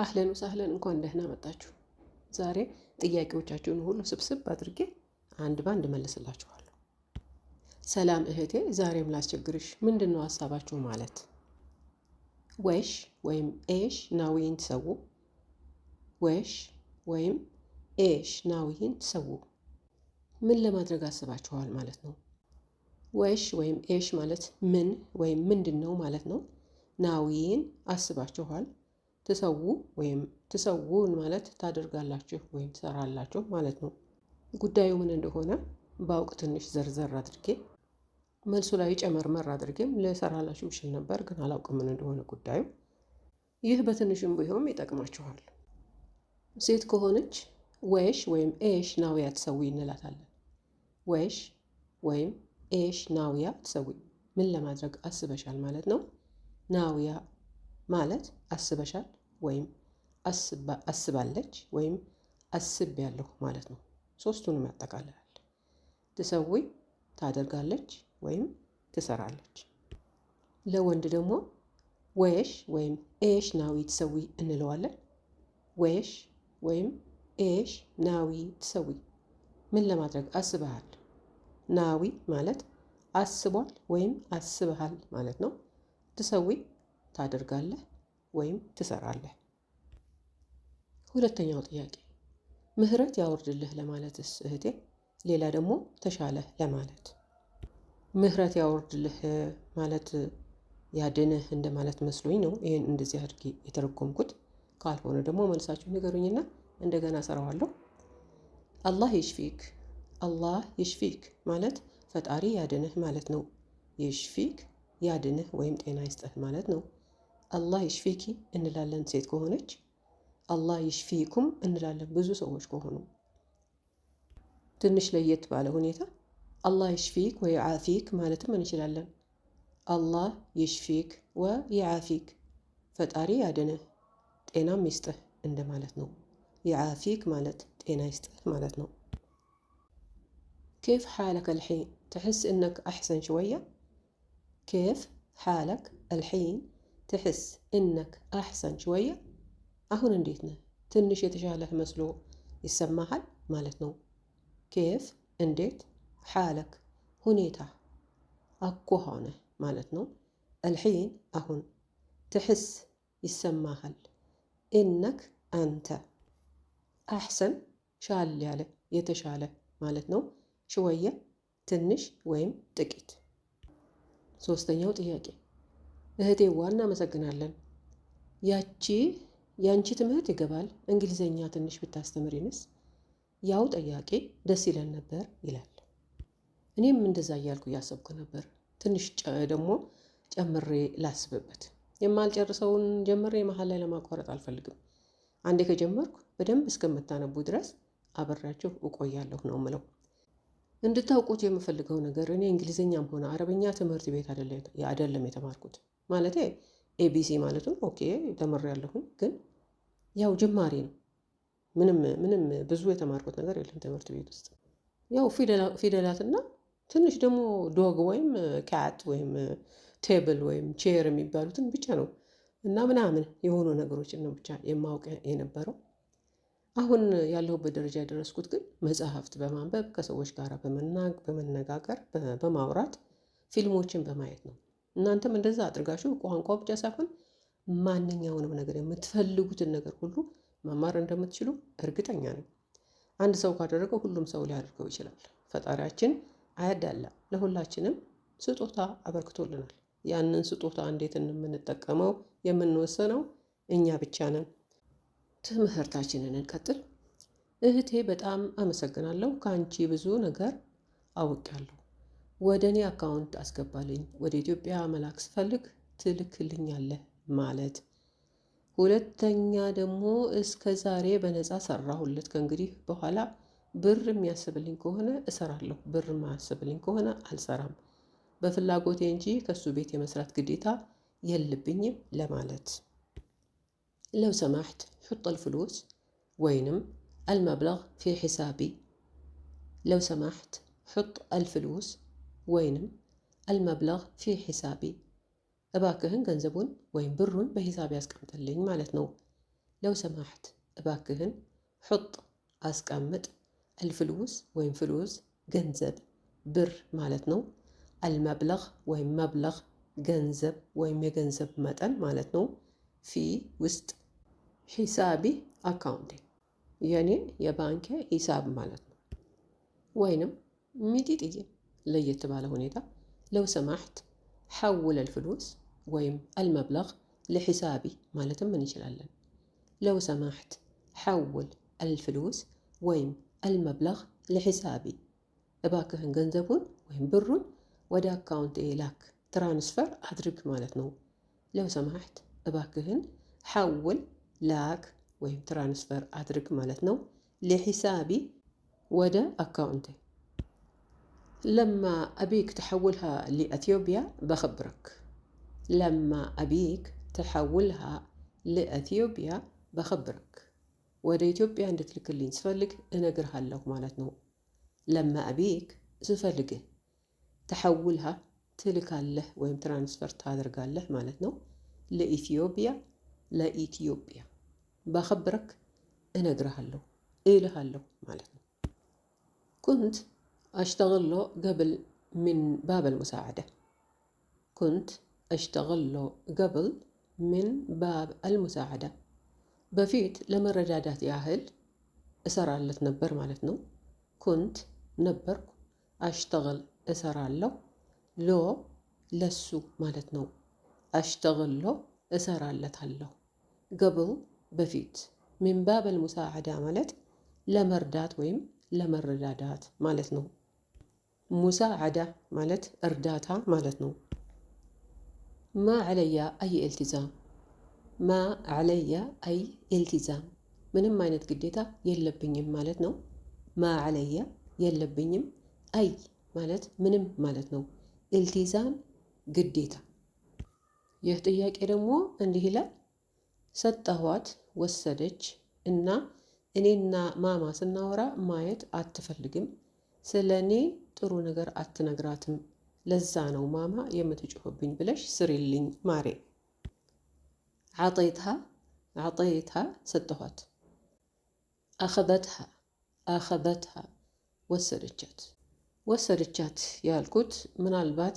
አህለን ወሳህለን እንኳን ደህና መጣችሁ። ዛሬ ጥያቄዎቻችሁን ሁሉ ስብስብ አድርጌ አንድ ባንድ መልስላችኋለሁ። ሰላም እህቴ፣ ዛሬም ላስቸግርሽ። ምንድን ነው ሀሳባችሁ? ማለት ወሽ ወይም ኤሽ ናዊን ትሰው፣ ወሽ ወይም ኤሽ ናዊን ትሰው ምን ለማድረግ አስባችኋል ማለት ነው። ወሽ ወይም ኤሽ ማለት ምን ወይም ምንድን ነው ማለት ነው። ናዊን አስባችኋል ትሰው ወይም ትሰውን ማለት ታደርጋላችሁ ወይም ትሰራላችሁ ማለት ነው። ጉዳዩ ምን እንደሆነ በአውቅ ትንሽ ዘርዘር አድርጌ መልሱ ላይ ጨመርመር አድርጌም ልሰራላችሁ ብችል ነበር፣ ግን አላውቅ ምን እንደሆነ ጉዳዩ። ይህ በትንሽም ቢሆን ይጠቅማችኋል። ሴት ከሆነች ወሽ ወይም ኤሽ ናውያ ትሰዊ እንላታለን። ወሽ ወይም ኤሽ ናውያ ትሰዊ ምን ለማድረግ አስበሻል ማለት ነው። ናውያ ማለት አስበሻል ወይም አስባለች ወይም አስብ ያለሁ ማለት ነው። ሶስቱንም ያጠቃልላል። ትሰዊ፣ ታደርጋለች ወይም ትሰራለች። ለወንድ ደግሞ ወየሽ ወይም ኤሽ ናዊ ትሰዊ እንለዋለን። ወየሽ ወይም ኤሽ ናዊ ትሰዊ ምን ለማድረግ አስበሃል? ናዊ ማለት አስቧል ወይም አስበሃል ማለት ነው። ትሰዊ ታደርጋለህ ወይም ትሰራለህ? ሁለተኛው ጥያቄ ምህረት ያወርድልህ ለማለትስ እህቴ ሌላ ደግሞ ተሻለህ ለማለት ምህረት ያወርድልህ ማለት ያድንህ እንደማለት መስሎኝ ነው ይህን እንደዚህ አድርጌ የተረጎምኩት ካልሆነ ደግሞ መልሳችሁ ንገሩኝና እንደገና ሰራዋለሁ አላህ ይሽፊክ አላህ ይሽፊክ ማለት ፈጣሪ ያድንህ ማለት ነው። ይሽፊክ ያድንህ ወይም ጤና ይስጠህ ማለት ነው الله يشفيكي إن لالن سيد كهونج الله يشفيكم إن لالن بزو سووش كهونو تنش يتبع بالا هونيتا الله يشفيك ويعافيك ما نتمنى لالن الله يشفيك ويعافيك فتاري يادنا تينا ميسته إن مالتنو يعافيك مالت تينا يسته مالتنو كيف حالك الحين؟ تحس إنك أحسن شوية؟ كيف حالك الحين؟ ትሕስ እነክ አሕሰን ሽወያ አሁን እንዴት ነህ? ትንሽ የተሻለህ መስሎ ይሰማሃል ማለት ነው። ኬፍ እንዴት፣ ሓለክ ሁኔታ፣ አኳኋነ ማለት ነው። አልሒን አሁን፣ ትሕስ ይሰማሃል፣ እነክ አንተ፣ አሕሰን ሻል ያለ የተሻለ ማለት ነው። ሽወየ ትንሽ ወይም ጥቂት። ሶስተኛው ጥያቄ እህቴዋ እናመሰግናለን። ያቺ ያንቺ ትምህርት ይገባል፣ እንግሊዘኛ ትንሽ ብታስተምሪንስ ያው ጠያቄ ደስ ይለን ነበር ይላል። እኔም እንደዛ እያልኩ እያሰብኩ ነበር። ትንሽ ደግሞ ጨምሬ ላስብበት። የማልጨርሰውን ጀምሬ መሀል ላይ ለማቋረጥ አልፈልግም። አንዴ ከጀመርኩ በደንብ እስከምታነቡ ድረስ አበራችሁ እቆያለሁ ነው ምለው። እንድታውቁት የምፈልገው ነገር እኔ እንግሊዝኛም ሆነ አረበኛ ትምህርት ቤት አይደለም የተማርኩት። ማለት ኤቢሲ ማለቱን ኦኬ ተምሬያለሁኝ፣ ግን ያው ጅማሬ ነው። ምንም ምንም ብዙ የተማርኩት ነገር የለም ትምህርት ቤት ውስጥ ያው ፊደላትና ትንሽ ደግሞ ዶግ ወይም ካት ወይም ቴብል ወይም ቼር የሚባሉትን ብቻ ነው እና ምናምን የሆኑ ነገሮችን ነው ብቻ የማውቅ የነበረው። አሁን ያለሁበት ደረጃ የደረስኩት ግን መጽሐፍት በማንበብ ከሰዎች ጋር በመነጋገር በማውራት ፊልሞችን በማየት ነው። እናንተም እንደዛ አድርጋችሁ ቋንቋ ብቻ ሳይሆን ማንኛውንም ነገር የምትፈልጉትን ነገር ሁሉ መማር እንደምትችሉ እርግጠኛ ነኝ። አንድ ሰው ካደረገው ሁሉም ሰው ሊያደርገው ይችላል። ፈጣሪያችን አያዳላ፣ ለሁላችንም ስጦታ አበርክቶልናል። ያንን ስጦታ እንዴት እንደምንጠቀመው የምንወሰነው እኛ ብቻ ነን። ትምህርታችንን እንቀጥል። እህቴ በጣም አመሰግናለሁ። ከአንቺ ብዙ ነገር አውቄያለሁ። ወደ እኔ አካውንት አስገባልኝ። ወደ ኢትዮጵያ መላክ ስፈልግ ትልክልኛለህ ማለት ሁለተኛ ደግሞ እስከ ዛሬ በነፃ ሰራሁለት። ከእንግዲህ በኋላ ብር የሚያስብልኝ ከሆነ እሰራለሁ፣ ብር የማያስብልኝ ከሆነ አልሰራም። በፍላጎቴ እንጂ ከእሱ ቤት የመስራት ግዴታ የለብኝም ለማለት لو سمحت حط الفلوس وينم المبلغ في حسابي لو سمحت حط الفلوس وينم المبلغ في حسابي أباكهن جنزبون وين برون بحسابي أسكمتلين مالتنو لو سمحت أباكهن حط أسكمت الفلوس وين فلوس جنزب بر مالتنو المبلغ وين مبلغ جنزب وين مجنزب متن مالتنو في وسط ሂሳቢ አካውንቴ የኔ የባንኬ ሂሳብ ማለት ነው። ወይንም ሚጢጥዬ ለየት ባለ ሁኔታ ለው ሰማሕት ሐውል አልፍሉስ ወይም አልመብለغ ለሒሳቢ ማለትም እንችላለን። ለው ሰማሕት ሐውል አልፍሉስ ወይም አልመብለغ ለሒሳቢ፣ እባክህን ገንዘቡን ወይም ብሩን ወደ አካውንት ላክ ትራንስፈር አድርግ ማለት ነው። ለው ሰማሕት እባክህን ሐውል ላክ ወይም ትራንስፈር አድርግ ማለት ነው لحسابي ወደ አካውንቴ لما أبيك تحولها لأثيوبيا بخبرك لما أبيك تحولها لأثيوبيا بخبرك ወደ ኢትዮጵያ እንድትልክልኝ ስፈልግ እነግርሃለሁ ማለት ነው ለማ አቢክ ስፈልግህ ተሐውልሃ ትልካለህ ወይም ትራንስፈር ታደርጋለህ ማለት ነው ለኢትዮጵያ ለኢትዮጵያ ባከበረክ እነግርሃለሁ እልሃለሁ ማለት ነው። ኩንት አሽተገሎ ገብል ምን باب المساعدة ኩንት አሽተገሎ ገብል ምን ባብ المساعدة በፊት ለመረዳዳት ያህል እሰራለት ነበር ማለት ነው። ኩንት ነበርኩ፣ አሽተغል እሰራለሁ፣ ሎ ለሱ ማለት ነው። አሽተገሎ እሰራለታለሁ፣ قبل በፊት ሚንባበል ሙሳዕዳ ማለት ለመርዳት ወይም ለመረዳዳት ማለት ነው። ሙሳዕዳ ማለት እርዳታ ማለት ነው። ማ ዓለያ አይ ኢልቲዛም፣ ማ ዓለያ አይ ኢልቲዛም ምንም አይነት ግዴታ የለብኝም ማለት ነው። ማ ዓለያ የለብኝም፣ አይ ማለት ምንም ማለት ነው። ኢልቲዛም ግዴታ። ይህ ጥያቄ ደግሞ እንዲህ ይላል ሰጠኋት ወሰደች እና እኔና ማማ ስናወራ ማየት አትፈልግም። ስለ እኔ ጥሩ ነገር አትነግራትም። ለዛ ነው ማማ የምትጮህብኝ ብለሽ ስሪልኝ ማሬ። ዓጠይትሃ ዓጠይትሃ ሰጠኋት። አኸበትሃ አኸበትሃ ወሰደቻት ወሰደቻት ያልኩት ምናልባት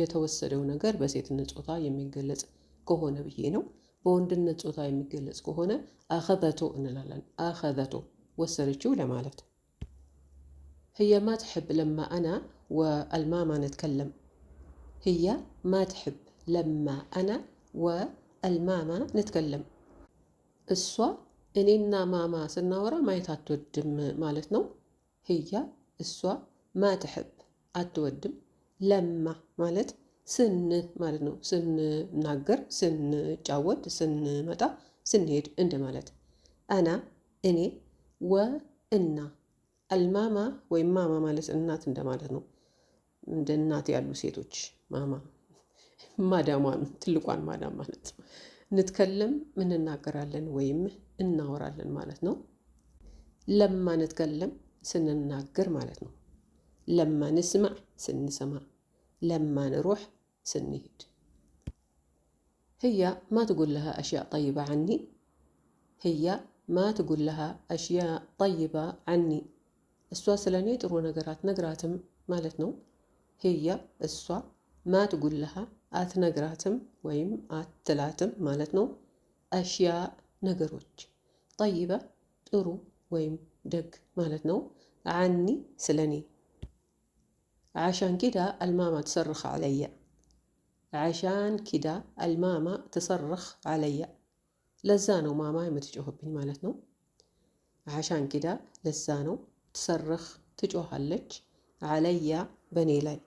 የተወሰደው ነገር በሴትነት ጾታ የሚገለጽ ከሆነ ብዬ ነው። በወንድነት ጾታ የሚገለጽ ከሆነ አኸዘቶ እንላለን። አኸዘቶ ወሰደችው ለማለት ህየ ማ ትሕብ ለማ አና ወአልማ ማ ነትከለም ህያ ማትሕብ ትሕብ ለማ አና ወአልማ ማ ነትከለም እሷ እኔና ማማ ስናወራ ማየት አትወድም ማለት ነው። ህያ እሷ ማ አትወድም ለማ ማለት ስን ማለት ነው። ስንናገር፣ ስንጫወት፣ ስንመጣ፣ ስንሄድ እንደማለት። አና እኔ፣ ወ እና አልማማ ወይም ማማ ማለት እናት እንደማለት ነው። እንደ እናት ያሉ ሴቶች ማማ ማዳሟን ትልቋን ማዳም ማለት ነው። ንትከልም እንናገራለን ወይም እናወራለን ማለት ነው። ለማ ንትከልም ስንናገር ማለት ነው። ለማ ንስማዕ ስንሰማ፣ ለማ ንሩሕ سنهد هي ما تقول لها أشياء طيبة عني هي ما تقول لها أشياء طيبة عني السوا سلانيت رو نقرات نقراتم مالتنو هي السوا ما تقول لها آت نقراتم ويم آت تلاتم مالتنو أشياء نقروج طيبة ترو ويم دق مالتنو عني سلاني عشان كده الماما تصرخ عليّ አሻን ኪዳ አልማማ ትሰርኽ አለያ ለዛ ነው ማማ የምትጮህብኝ ማለት ነው። አሻን ኪዳ ለዛ ነው ትሰርኽ ትጮኻለች። አለያ በእኔ ላይ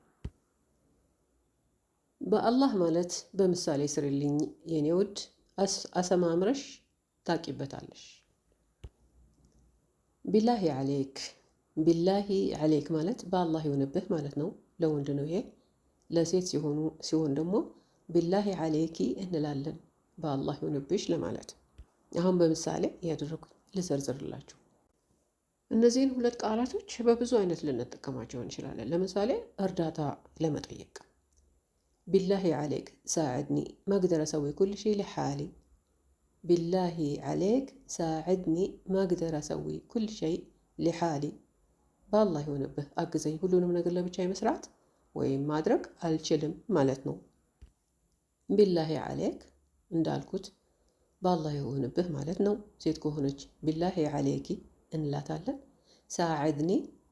በአላህ ማለት በምሳሌ ስርልኝ የኔ ውድ አሰማምረሽ ታቂበታለሽ። ቢላሂ አሌክ ቢላሂ አሌክ ማለት በአላህ የሆነብህ ማለት ነው። ለወንድ ነው ይሄ ለሴት ሲሆኑ ሲሆን ደግሞ ቢላሂ አሌኪ እንላለን በአላህ ይሁንብሽ ለማለት አሁን በምሳሌ እያደረጉኝ ልዘርዝርላችሁ። እነዚህን ሁለት ቃላቶች በብዙ አይነት ልንጠቀማቸው እንችላለን። ለምሳሌ እርዳታ ለመጠየቅ ቢላሂ አሌክ ሳዕድኒ መግደረ ሰዊ ኩል ሺ ሊሓሊ ቢላሂ አሌክ ሳዕድኒ መግደረ ሰዊ ኩል ሸይ ሊሓሊ በአላህ ይሆንብህ አግዘኝ ሁሉንም ነገር ለብቻ መስራት ወይም ማድረግ አልችልም ማለት ነው። ቢላሂ አሌክ እንዳልኩት በአላህ የሆንብህ ማለት ነው። ሴት ከሆነች ቢላሂ አሌኪ እንላታለን። ሳዕድኒ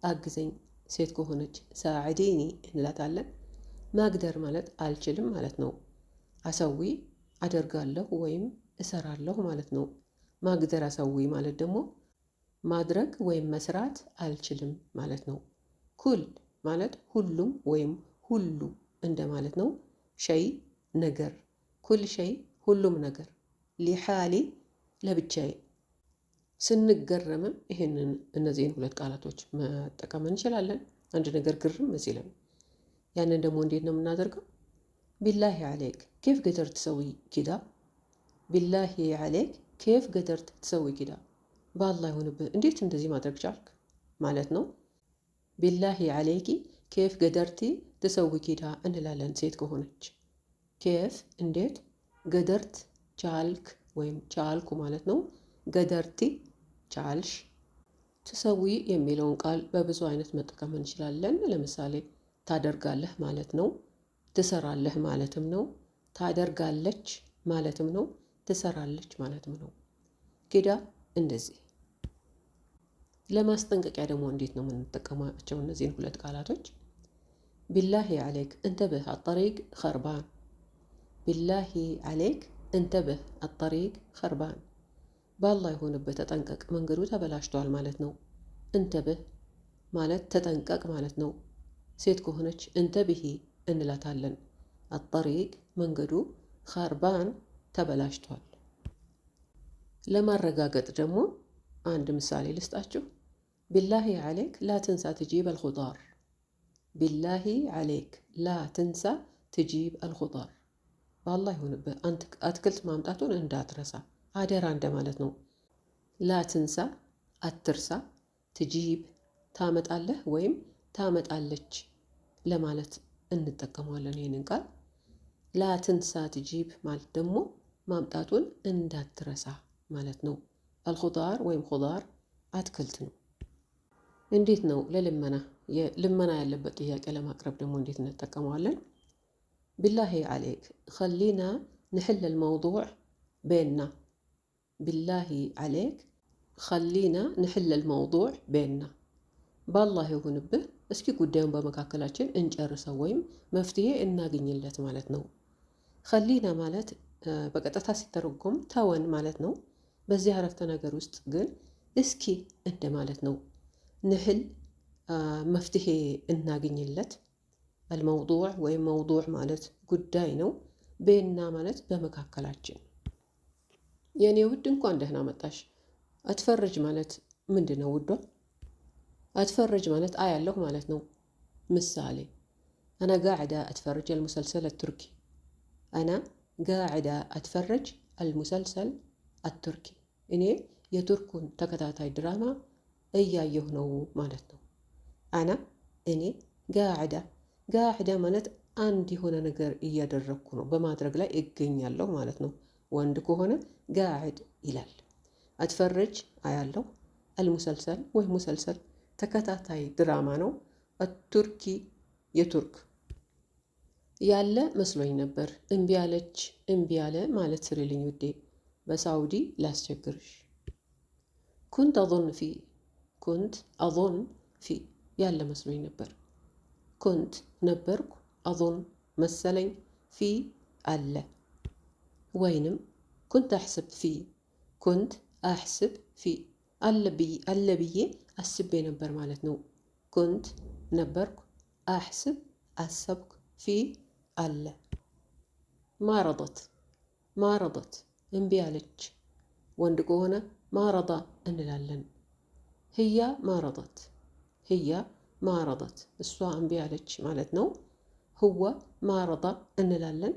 አግዘኝ፣ ሴት ከሆነች ሳዕዲኒ እንላታለን። ማግደር ማለት አልችልም ማለት ነው። አሰዊ አደርጋለሁ ወይም እሰራለሁ ማለት ነው። ማግደር አሰዊ ማለት ደግሞ ማድረግ ወይም መስራት አልችልም ማለት ነው። ኩል ማለት ሁሉም ወይም ሁሉ እንደማለት ነው። ሸይ ነገር፣ ኩል ሸይ ሁሉም ነገር፣ ሊሓሊ ለብቻዬ። ስንገረምም ይህንን እነዚህን ሁለት ቃላቶች መጠቀም እንችላለን። አንድ ነገር ግርም ሲለን ያንን ደግሞ እንዴት ነው የምናደርገው? ቢላሂ ዓሌክ ኬፍ ገደር ትሰዊ ኪዳ፣ ቢላሂ ዓሌክ ኬፍ ገደርት ትሰዊ ኪዳ፣ በአላህ ይሆንብህ እንዴት እንደዚህ ማድረግ ቻልክ ማለት ነው። ቢላሂ አለይኪ ኬፍ ገደርቲ ትሰዊ ኪዳ እንላለን ሴት ከሆነች። ኬፍ እንዴት፣ ገደርት ቻልክ ወይም ቻልኩ ማለት ነው። ገደርቲ ቻልሽ። ትሰዊ የሚለውን ቃል በብዙ አይነት መጠቀም እንችላለን። ለምሳሌ ታደርጋለህ ማለት ነው። ትሰራለህ ማለትም ነው። ታደርጋለች ማለትም ነው። ትሰራለች ማለትም ነው። ኪዳ እንደዚህ ለማስጠንቀቂያ ደግሞ እንዴት ነው የምንጠቀማቸው እነዚህን ሁለት ቃላቶች? ቢላሂ አሌክ እንተብህ አጠሪቅ ኸርባን፣ ቢላሂ አሌክ እንተብህ አጠሪቅ ኸርባን፣ በአላህ የሆነበት ተጠንቀቅ፣ መንገዱ ተበላሽቷል ማለት ነው። እንተብህ ማለት ተጠንቀቅ ማለት ነው። ሴት ከሆነች እንተብሂ እንላታለን። አጠሪቅ መንገዱ፣ ኸርባን ተበላሽቷል። ለማረጋገጥ ደግሞ አንድ ምሳሌ ልስጣችሁ። ቢላሂ ዓሌክ ላ ትንሳ ትጂብ አልኹጣር ቢላሂ ዓሌክ ላ ትንሳ ትጂብ አልኹጣር በአላህ ይሁንብህ አትክልት ማምጣቱን እንዳትረሳ አደራ እንደማለት ነው። ላ ትንሳ አትርሳ፣ ትጂብ ታመጣለህ ወይም ታመጣለች ለማለት እንጠቀመዋለን ይህንን ቃል። ላ ትንሳ ትጂብ ማለት ደግሞ ማምጣቱን እንዳትረሳ ማለት ነው። አልኹጣር ወይም ኹጣር አትክልት ነው። እንዴት ነው ለልመና ልመና ያለበት ጥያቄ ለማቅረብ ደግሞ እንዴት እንጠቀመዋለን? ቢላሂ አሌክ ከሊና ንሕል ልመውضዕ ቤና ቢላሂ አሌክ ከሊና ንሕል ልመውضዕ ቤና በአላህ ይሁንብህ እስኪ ጉዳዩን በመካከላችን እንጨርሰው ወይም መፍትሄ እናገኝለት ማለት ነው። ከሊና ማለት በቀጥታ ሲተረጎም ተወን ማለት ነው። በዚህ አረፍተ ነገር ውስጥ ግን እስኪ እንደ ማለት ነው። نحل መፍትሄ እናግኝለት አልመውዱዕ ወይም መውዱዕ ማለት ጉዳይ ነው። ቤና ማለት በመካከላችን። የኔ ውድ እንኳን ደህና መጣሽ። አትፈርጅ ማለት ምንድን ነው ውዷ? አትፈርጅ ማለት አያለሁ ማለት ነው። ምሳሌ አና ጋዕዳ አትፈርጅ አልሙሰልሰል አቱርኪ። አና ጋዕዳ አትፈርጅ አልሙሰልሰል አቱርኪ። እኔ የቱርኩን ተከታታይ ድራማ እያየሁ ነው ማለት ነው። አና እኔ ጋዕዳ ጋዕዳ ማለት አንድ የሆነ ነገር እያደረግኩ ነው፣ በማድረግ ላይ እገኛለሁ ማለት ነው። ወንድ ከሆነ ጋዕድ ይላል። አትፈርጅ አያለው አልሙሰልሰል ወይ ሙሰልሰል ተከታታይ ድራማ ነው። አቱርኪ የቱርክ ያለ መስሎኝ ነበር። እምቢ አለች እምቢ አለ ማለት ስሪልኝ ውዴ፣ በሳውዲ ላስቸግርሽ ኩንተ አظን ፊ كنت أظن في يلا مسلوي نبر كنت نبرك أظن مسلي في ألا وينم كنت أحسب في كنت أحسب في ألا بي ألا بي أسبي نبر مالتنو كنت نبرك أحسب أسبك في ألا ما رضت ما رضت انبيالج وندقونا ما رضى ان لالن ህያ ማረዶት ህያ ማረዶት እሷ እምቢ አለች ማለት ነው። ህዋ ማረዳ እንላለን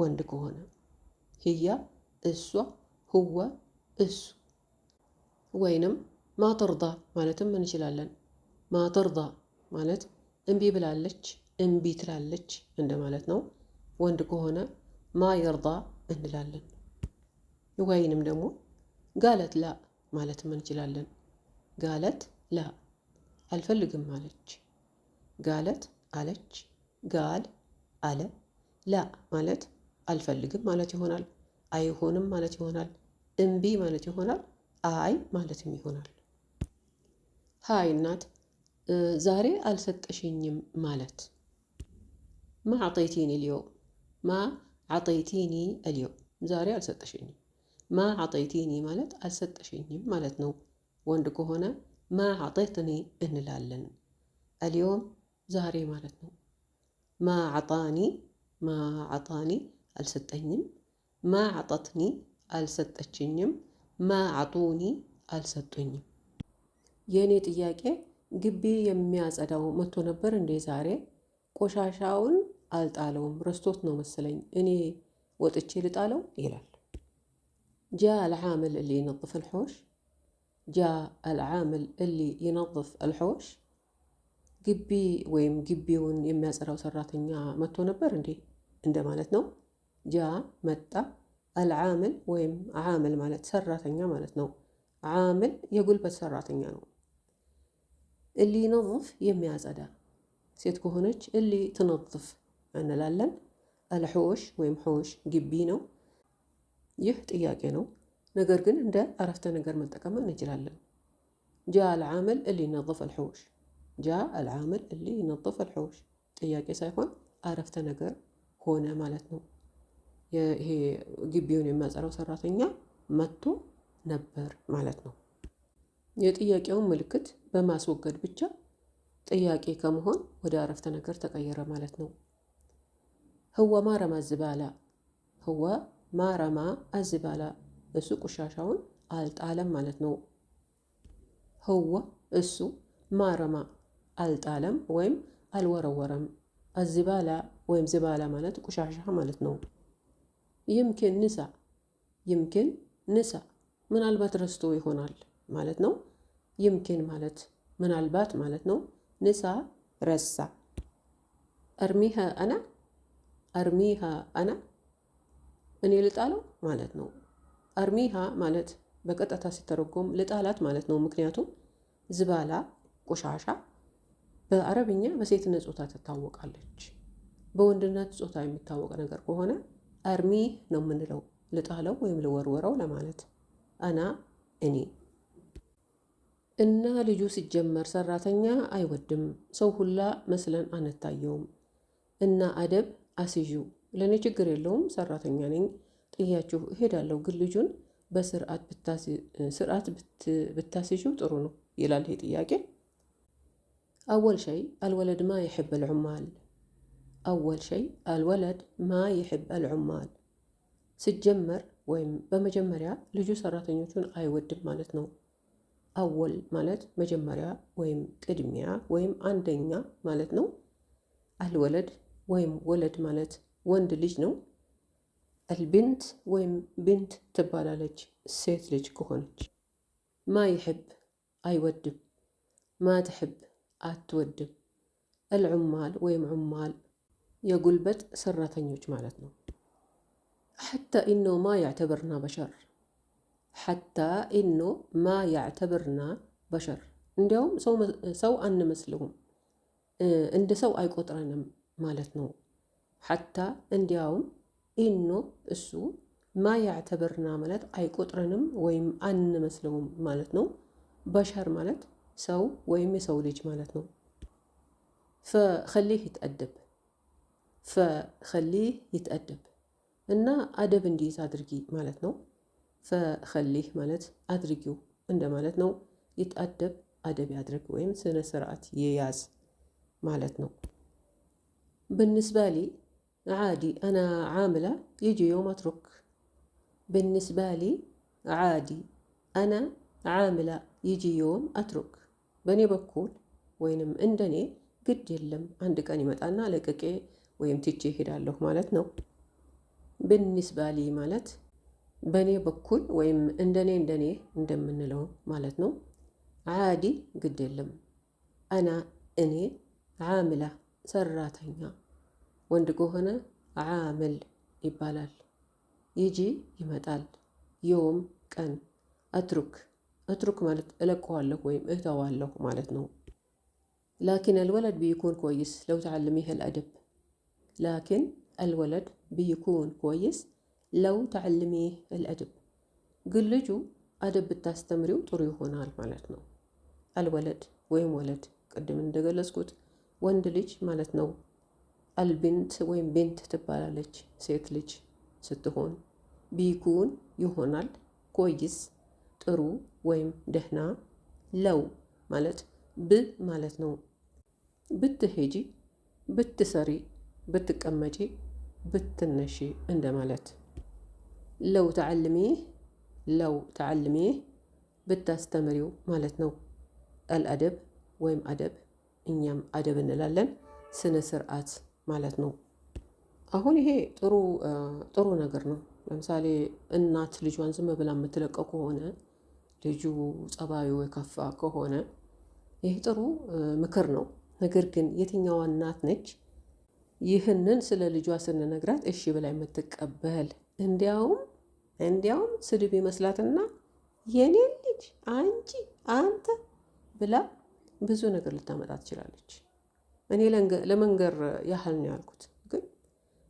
ወንድ ከሆነ ህያ እሷ፣ ህወ እሱ። ወይንም ማተርዳ ማለትም እንችላለን። ማተርዳ ማለት እምቢ ብላለች፣ እምቢ ትላለች እንደማለት ነው። ወንድ ከሆነ ማየርዳ እንላለን። ወይንም ደግሞ ጋለት ላ ማለትም እንችላለን። ጋለት ላ አልፈልግም አለች። ጋለት አለች። ጋል አለ። ላ ማለት አልፈልግም ማለት ይሆናል። አይሆንም ማለት ይሆናል። እምቢ ማለት ይሆናል። አይ ማለትም ይሆናል። ሀይ እናት ዛሬ አልሰጠሽኝም ማለት ማ አጠይቲኒ ልዮም ማ አጠይቲኒ ልዮም ዛሬ አልሰጠሽኝም። ማ አጠይቲኒ ማለት አልሰጠሽኝም ማለት ነው። ወንድ ከሆነ ማ አዕጠይተኒ እንላለን። አልዮም ዛሬ ማለት ነው። ማ አዕጣኒ ማ አዕጣኒ አልሰጠኝም። ማ አዕጠትኒ አልሰጠችኝም። ማ አዕጡኒ አልሰጡኝም። የእኔ ጥያቄ ግቢ የሚያጸዳው መጥቶ ነበር እንዴ ዛሬ? ቆሻሻውን አልጣለውም፣ ረስቶት ነው መሰለኝ። እኔ ወጥቼ ልጣለው ይላል። ጃ ልዓምል اللي ጃ አልዓምል እሊ ይነظፍ አልሐወሽ ግቢ ወይም ግቢውን የሚያጸዳው ሰራተኛ መጥቶ ነበር እንዴ እንደማለት ነው። ጃ መጣ፣ አልዓምል ወይም ዓምል ማለት ሰራተኛ ማለት ነው። ዓምል የጉልበት ሰራተኛ ነው። እሊ ይነظፍ የሚያጸዳ ሴት ከሆነች እሊ ትነظፍ እንላለን። አልሐወሽ ወይም ሐወሽ ግቢ ነው። ይህ ጥያቄ ነው። ነገር ግን እንደ አረፍተ ነገር መጠቀም እንችላለን። ጃ አልዓምል እሊ ይነظፍ አልሑሽ፣ ጃ አልዓምል እሊ ይነظፍ አልሑሽ። ጥያቄ ሳይሆን አረፍተ ነገር ሆነ ማለት ነው። ይሄ ግቢውን የሚያጸረው ሰራተኛ መጥቶ ነበር ማለት ነው። የጥያቄውን ምልክት በማስወገድ ብቻ ጥያቄ ከመሆን ወደ አረፍተ ነገር ተቀየረ ማለት ነው። ህወ ማረማ አዝባላ፣ ህወ ማረማ ዝባላ ህወ ማረማ አዝባላ እሱ ቆሻሻውን አልጣለም ማለት ነው። ህወ እሱ ማረማ አልጣለም ወይም አልወረወረም። አዝባላ ወይም ዝባላ ማለት ቆሻሻ ማለት ነው። ይምኪን ንሳ ይምኪን ንሳ ምናልባት ረስቶ ይሆናል ማለት ነው። ይምኪን ማለት ምናልባት ማለት ነው። ንሳ ረሳ። አርሚሃ አና አርሚሃ አና እኔ ልጣለው ማለት ነው። አርሚሃ ማለት በቀጥታ ሲተረጎም ልጣላት ማለት ነው። ምክንያቱም ዝባላ ቆሻሻ በአረብኛ በሴትነት ጾታ ትታወቃለች። በወንድነት ጾታ የሚታወቅ ነገር ከሆነ አርሚ ነው የምንለው፣ ልጣለው ወይም ልወርወረው ለማለት አና እኔ እና ልጁ ሲጀመር ሰራተኛ አይወድም። ሰው ሁላ መስለን አንታየውም። እና አደብ አስዩ ለእኔ ችግር የለውም ሰራተኛ ነኝ ጥያችሁ እሄዳለሁ ግን ልጁን በስርዓት ብታስዥው ጥሩ ነው ይላል ይሄ ጥያቄ። አወል ሸይ አልወለድ ማ የሕብ አልዑማል። አወል ሸይ አልወለድ ማ የሕብ አልዑማል። ሲጀመር ወይም በመጀመሪያ ልጁ ሰራተኞቹን አይወድም ማለት ነው። አወል ማለት መጀመሪያ ወይም ቅድሚያ ወይም አንደኛ ማለት ነው። አልወለድ ወይም ወለድ ማለት ወንድ ልጅ ነው። አልቢንት ወይም ቢንት ትባላለች ሴት ልጅ ከሆነች። ማ ይሕብ አይወድም፣ ማ ትሕብ አትወድም። አልዑማል ወይም ዑማል የጉልበት ሰራተኞች ማለት ነው። ሓታ ኢኖ ማ ያዕተብርና በሸር፣ ሓታ ኢኖ ማ ያዕተብርና በሸር። እንዲያውም ሰው አንመስለውም፣ እንደ ሰው አይቆጥረንም ማለት ነው። ሓታ እንዲያውም ኢኖ እሱ ማ ያዕተብርና ማለት አይቆጥረንም ወይም አንመስለውም ማለት ነው። በሸር ማለት ሰው ወይም የሰው ልጅ ማለት ነው። ፈኸሊህ ይትአደብ ፈኸሊህ ይትአደብ እና አደብ እንዲይዝ አድርጊ ማለት ነው። ፈኸሊህ ማለት አድርጊው እንደ ማለት ነው። ይትአደብ አደብ ያድርግ ወይም ስነ ስርዓት ይያዝ ማለት ነው። ብንስባሌ عادي أنا عاملة يجي يوم أترك بالنسبة لي عادي أنا عاملة يجي يوم أترك በእኔ በኩል ወይንም እንደኔ ግድ የለም አንድ ቀን ይመጣና ለቅቄ ወይም ትቼ እሄዳለሁ ማለት ነው። ብንስባ ሊ ማለት በእኔ በኩል ወይም እንደኔ እንደኔ እንደምንለው ማለት ነው። ዓዲ ግድ የለም። አና እኔ ዓምላ ሰራተኛ ወንድ ከሆነ ዓምል ይባላል። ይጂ ይመጣል። ዮም ቀን። አትሩክ አትሩክ ማለት እለቀዋለሁ ወይም እህተዋለሁ ማለት ነው። ላኪን አልወለድ ብይኩን ኮይስ ለው ተዓልሚህ አልአደብ ላኪን አልወለድ ብይኩን ኮይስ ለው ተዓልሚህ አልአደብ ግን ልጁ አደብ ብታስተምሪው ጥሩ ይሆናል ማለት ነው። አልወለድ ወይም ወለድ ቅድም እንደገለጽኩት ወንድ ልጅ ማለት ነው። አልቢንት ወይም ቤንት ትባላለች። ሴት ልጅ ስትሆን ቢኩን ይሆናል። ኮይስ ጥሩ ወይም ደህና። ለው ማለት ብ ማለት ነው። ብትሄጂ፣ ብትሰሪ፣ ብትቀመጪ፣ ብትነሺ እንደማለት። ለው ተዓልሚ፣ ለው ተዓልሚ ብታስተምሪው ማለት ነው። አልአደብ ወይም አደብ እኛም አደብ እንላለን። ስነ ስርዓት ማለት ነው። አሁን ይሄ ጥሩ ጥሩ ነገር ነው። ለምሳሌ እናት ልጇን ዝም ብላ የምትለቀው ከሆነ ልጁ ጸባዩ የከፋ ከሆነ ይህ ጥሩ ምክር ነው። ነገር ግን የትኛዋ እናት ነች ይህንን ስለ ልጇ ስንነግራት እሺ ብላ የምትቀበል? እንዲያውም እንዲያውም ስድብ ይመስላትና የኔን ልጅ አንቺ፣ አንተ ብላ ብዙ ነገር ልታመጣ ትችላለች። እኔ ለመንገር ያህል ነው ያልኩት፣ ግን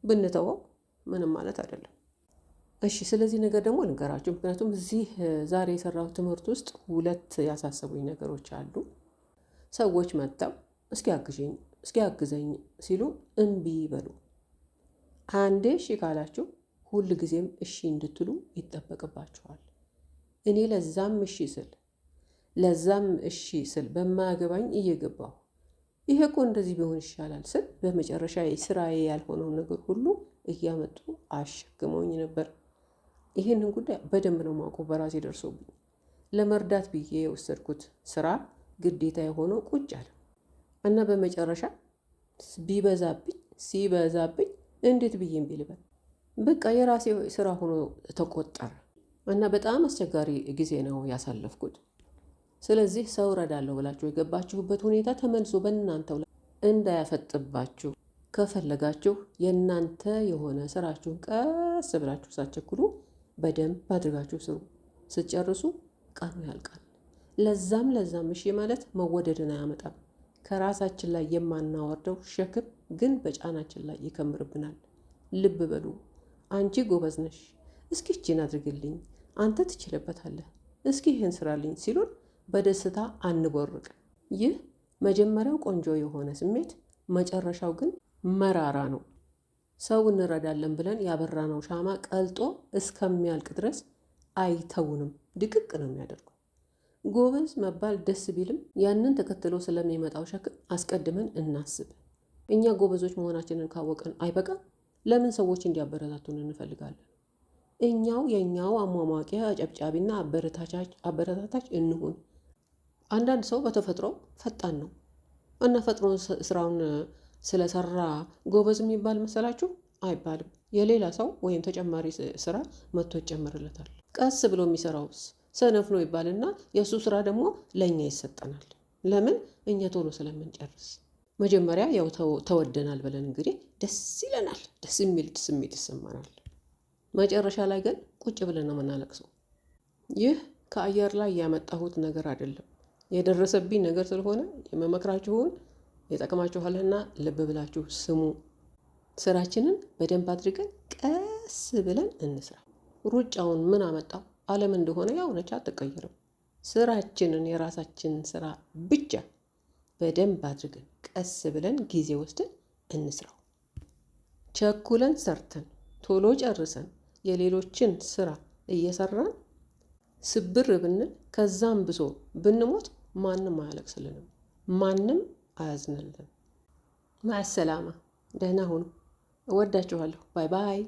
ብንተወው ምንም ማለት አይደለም። እሺ ስለዚህ ነገር ደግሞ ልንገራችሁ፣ ምክንያቱም እዚህ ዛሬ የሰራሁት ትምህርት ውስጥ ሁለት ያሳሰቡኝ ነገሮች አሉ። ሰዎች መጥተው እስኪ አግዥኝ እስኪ አግዘኝ ሲሉ እምቢ በሉ። አንዴ እሺ ካላችሁ ሁል ጊዜም እሺ እንድትሉ ይጠበቅባችኋል። እኔ ለዛም እሺ ስል ለዛም እሺ ስል በማያገባኝ እየገባሁ ይሄ እኮ እንደዚህ ቢሆን ይሻላል ስል በመጨረሻ ስራዬ ያልሆነውን ነገር ሁሉ እያመጡ አሸክመውኝ ነበር። ይህንን ጉዳይ በደንብ ነው ማውቀው። በራሴ ደርሶብኝ ለመርዳት ብዬ የወሰድኩት ስራ ግዴታ የሆነው ቁጭ አለ እና በመጨረሻ ቢበዛብኝ ሲበዛብኝ እንዴት ብዬ ቢልበል በቃ የራሴ ስራ ሆኖ ተቆጠረ እና በጣም አስቸጋሪ ጊዜ ነው ያሳለፍኩት። ስለዚህ ሰው እረዳለሁ ብላችሁ የገባችሁበት ሁኔታ ተመልሶ በእናንተው ላይ እንዳያፈጥባችሁ ከፈለጋችሁ የእናንተ የሆነ ስራችሁን ቀስ ብላችሁ ሳትቸኩሉ በደንብ አድርጋችሁ ስሩ። ስትጨርሱ ቀኑ ያልቃል። ለዛም ለዛም እሺ ማለት መወደድን አያመጣም። ከራሳችን ላይ የማናወርደው ሸክም ግን በጫናችን ላይ ይከምርብናል። ልብ በሉ። አንቺ ጎበዝ ነሽ፣ እስኪ እችን አድርግልኝ፣ አንተ ትችልበታለህ፣ እስኪ ይህን ስራልኝ ሲሉን በደስታ አንቦርቅ። ይህ መጀመሪያው ቆንጆ የሆነ ስሜት፣ መጨረሻው ግን መራራ ነው። ሰው እንረዳለን ብለን ያበራነው ሻማ ቀልጦ እስከሚያልቅ ድረስ አይተውንም፣ ድቅቅ ነው የሚያደርገው። ጎበዝ መባል ደስ ቢልም ያንን ተከትሎ ስለሚመጣው ሸክም አስቀድመን እናስብ። እኛ ጎበዞች መሆናችንን ካወቅን አይበቃም? ለምን ሰዎች እንዲያበረታቱን እንፈልጋለን? እኛው የእኛው አሟሟቂያ አጨብጫቢና አበረታታች እንሁን። አንዳንድ ሰው በተፈጥሮ ፈጣን ነው እና ፈጥሮ ስራውን ስለሰራ ጎበዝ የሚባል መሰላችሁ? አይባልም። የሌላ ሰው ወይም ተጨማሪ ስራ መጥቶ ይጨምርለታል። ቀስ ብሎ የሚሰራውስ ሰነፍኖ ይባልና የእሱ ስራ ደግሞ ለእኛ ይሰጠናል። ለምን? እኛ ቶሎ ስለምንጨርስ። መጀመሪያ ያው ተወደናል ብለን እንግዲህ ደስ ይለናል፣ ደስ የሚል ስሜት ይሰማናል። መጨረሻ ላይ ግን ቁጭ ብለን ነው የምናለቅሰው። ይህ ከአየር ላይ ያመጣሁት ነገር አይደለም። የደረሰብኝ ነገር ስለሆነ የመመክራችሁን ይጠቅማችኋልና ልብ ብላችሁ ስሙ። ስራችንን በደንብ አድርገን ቀስ ብለን እንስራ። ሩጫውን ምን አመጣው? ዓለም እንደሆነ ያው ነች፣ አትቀይርም። ስራችንን የራሳችንን ስራ ብቻ በደንብ አድርገን ቀስ ብለን ጊዜ ወስደን እንስራው። ቸኩለን ሰርተን ቶሎ ጨርሰን የሌሎችን ስራ እየሰራን ስብር ብንል ከዛም ብሶ ብንሞት ማንም አያለቅስልንም፣ ማንም አያዝንልንም። ማዕሰላማ፣ ደህና ሁኑ። እወዳችኋለሁ። ባይ ባይ።